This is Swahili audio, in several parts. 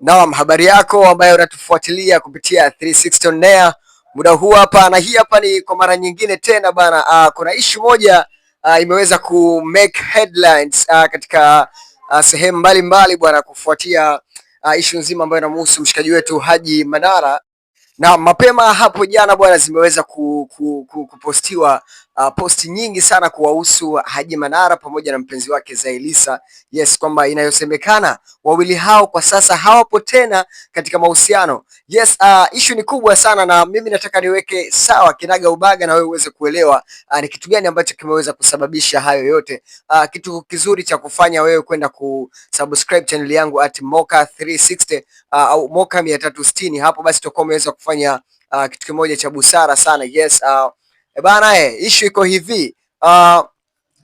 Naam, habari yako ambayo unatufuatilia kupitia 360 on air muda huu hapa, na hii hapa ni kwa mara nyingine tena bana. Uh, kuna ishu moja uh, imeweza ku make headlines uh, katika uh, sehemu mbalimbali bwana, kufuatia uh, ishu nzima ambayo inamhusu mshikaji wetu Haji Manara na mapema hapo jana bwana, zimeweza ku, ku, ku, kupostiwa uh, posti nyingi sana kuwahusu Haji Manara pamoja na mpenzi wake Zailisa. Yes, kwamba inayosemekana wawili hao kwa sasa hawapo tena katika mahusiano. Yes, uh, issue ni kubwa sana na mimi nataka niweke sawa kinaga ubaga na wewe uweze kuelewa uh, ni kitu gani ambacho kimeweza kusababisha hayo yote. Uh, kitu kizuri cha kufanya wewe kwenda kusubscribe channel yangu at Moka 360 uh, au Moka 360 hapo basi tutakuwa umeweza kufanya uh, kitu kimoja cha busara sana. Yes, uh, e bana, eh, issue iko hivi uh,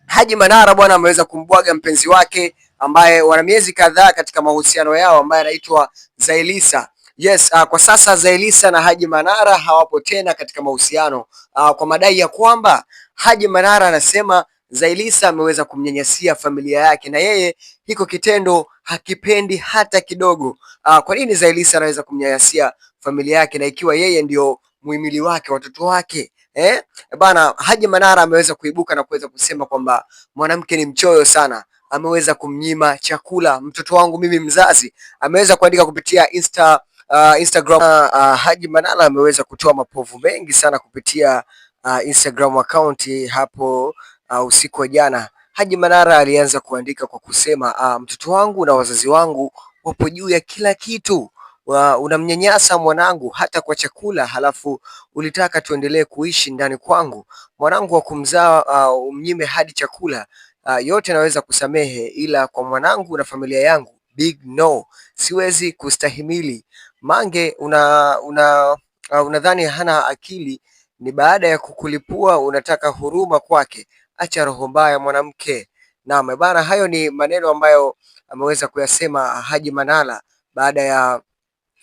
Haji Manara bwana ameweza kumbwaga mpenzi wake ambaye wana miezi kadhaa katika mahusiano yao ambaye anaitwa Zailisa. Yes, uh, kwa sasa Zailisa na Haji Manara hawapo tena katika mahusiano uh, kwa madai ya kwamba Haji Manara anasema Zailisa ameweza kumnyanyasia familia yake na yeye hiko kitendo hakipendi hata kidogo. Aa, ah, kwa nini Zailisa anaweza kumnyanyasia familia yake na ikiwa yeye ndio muhimili wake, watoto wake eh? Bana, Haji Manara ameweza kuibuka na kuweza kusema kwamba mwanamke ni mchoyo sana, ameweza kumnyima chakula mtoto wangu mimi mzazi. Ameweza kuandika kupitia Insta, uh, Instagram. Uh, uh, Haji Manara ameweza kutoa mapovu mengi sana kupitia uh, Instagram account hapo usiku wa jana, Haji Manara alianza kuandika kwa kusema uh, mtoto wangu na wazazi wangu wapo juu ya kila kitu wa, unamnyanyasa mwanangu hata kwa chakula, halafu ulitaka tuendelee kuishi ndani kwangu. Mwanangu wa kumzaa uh, umnyime hadi chakula uh, yote naweza kusamehe, ila kwa mwanangu na familia yangu big no, siwezi kustahimili. Mange una una uh, unadhani hana akili? Ni baada ya kukulipua unataka huruma kwake acha roho mbaya mwanamke. Naam bana, hayo ni maneno ambayo ameweza kuyasema ah, Haji Manara baada ya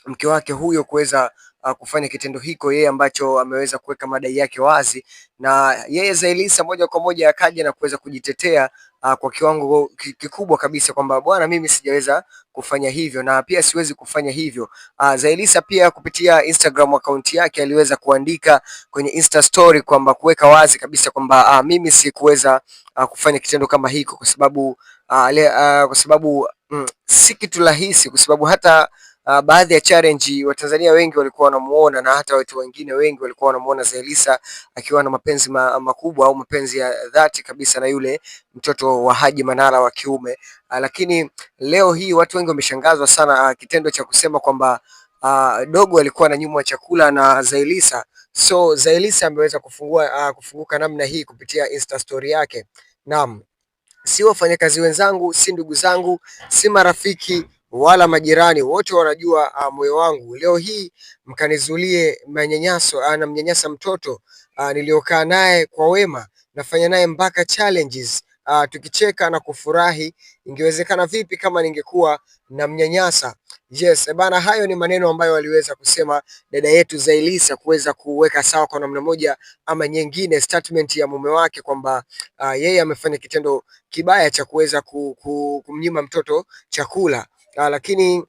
mke wake huyo kuweza ah, kufanya kitendo hiko, yeye ambacho ameweza kuweka madai yake wazi, na yeye Zailisa moja kwa moja akaja na kuweza kujitetea Uh, kwa kiwango kikubwa kabisa kwamba bwana, mimi sijaweza kufanya hivyo na pia siwezi kufanya hivyo. Uh, Zailisa pia kupitia Instagram account yake aliweza kuandika kwenye Insta story kwamba kuweka wazi kabisa kwamba uh, mimi sikuweza kufanya kitendo kama hiko kwa sababu, kwa sababu mm, si kitu rahisi kwa sababu hata uh, baadhi ya challenge Watanzania wengi walikuwa wanamuona na hata watu wengine wengi walikuwa wanamuona Zaiylissa akiwa na mapenzi ma, makubwa au mapenzi ya dhati kabisa na yule mtoto wa Haji Manara wa kiume uh, lakini leo hii watu wengi wameshangazwa sana uh, kitendo cha kusema kwamba uh, dogo alikuwa na nyuma chakula na Zaiylissa. So Zaiylissa ameweza kufungua uh, kufunguka namna hii kupitia Insta story yake. Naam, si wafanyakazi wenzangu, si ndugu zangu, si marafiki wala majirani wote wanajua uh, moyo wangu leo hii mkanizulie manyanyaso, anamnyanyasa ah, mtoto uh, niliokaa naye kwa wema, nafanya naye mpaka challenges uh, tukicheka na kufurahi. Ingewezekana vipi kama ningekuwa mnyanyasa? Yes, eh, bana, hayo ni maneno ambayo aliweza kusema dada yetu Zailisa kuweza kuweka sawa kwa namna moja ama nyingine statement ya mume wake kwamba uh, yeye amefanya kitendo kibaya cha kuweza kumnyima mtoto chakula. Ah, lakini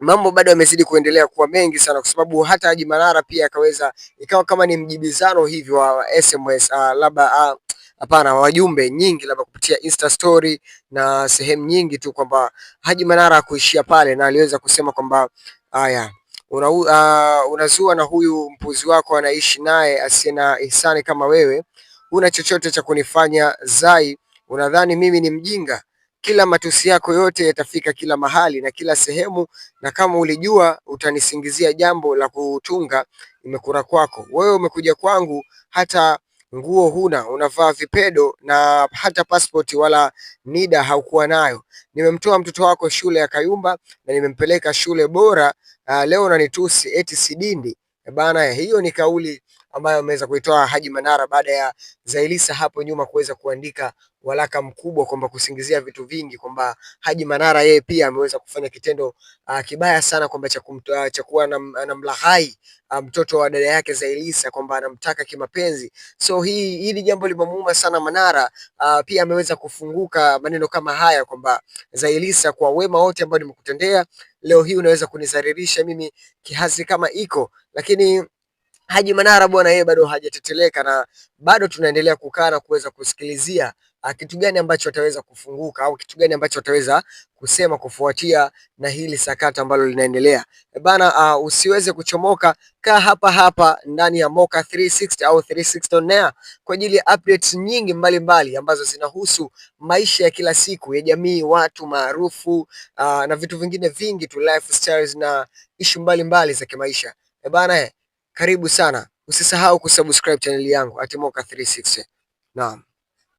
mambo bado yamezidi kuendelea kuwa mengi sana, kwa sababu hata Haji Manara pia akaweza ikawa kama ni mjibizano hivyo wa SMS ah, labda ah, hapana, wajumbe nyingi labda kupitia Insta story na sehemu nyingi tu, kwamba Haji Manara akuishia pale, na aliweza kusema kwamba haya una, uh, unazua na huyu mpuzi wako anaishi naye asiye na ihsani kama wewe, huna chochote cha kunifanya zai, unadhani mimi ni mjinga? kila matusi yako yote yatafika kila mahali na kila sehemu, na kama ulijua utanisingizia jambo la kutunga, imekura kwako wewe. Umekuja kwangu hata nguo huna, unavaa vipedo, na hata pasipoti wala NIDA haukuwa nayo. Nimemtoa mtoto wako shule ya Kayumba na nimempeleka shule bora. Uh, leo unanitusi eti sidindi bana. Hiyo ni kauli ambayo ameweza kuitoa Haji Manara baada ya Zailisa hapo nyuma kuweza kuandika waraka mkubwa kwamba kusingizia vitu vingi kwamba Haji Manara yeye pia ameweza kufanya kitendo uh, kibaya sana kwamba cha kumtoa ah, cha kuwa anamlahai ah, mtoto wa dada yake Zailisa kwamba anamtaka kimapenzi. So hii hili jambo limemuuma sana Manara. Uh, pia ameweza kufunguka maneno kama haya kwamba Zailisa, kwa wema wote ambao nimekutendea, leo hii unaweza kunizaririsha mimi, kihasi kama iko lakini Haji Manara bwana, yeye bado hajateteleka na bado tunaendelea kukaa na kuweza kusikilizia ah, kitu gani ambacho ataweza kufunguka au kitu gani ambacho ataweza kusema kufuatia na hili sakata ambalo linaendelea eh, bana. Uh, usiweze kuchomoka, kaa hapa hapa ndani ya Moka 360 au 360 on air kwa ajili ya updates nyingi mbalimbali mbali, ambazo zinahusu maisha ya kila siku ya jamii, watu maarufu uh, na vitu vingine vingi tu lifestyles na ishu mbalimbali za kimaisha eh, bana. Eh, karibu sana, usisahau kusubscribe chaneli yangu Atimoka 360. Naam.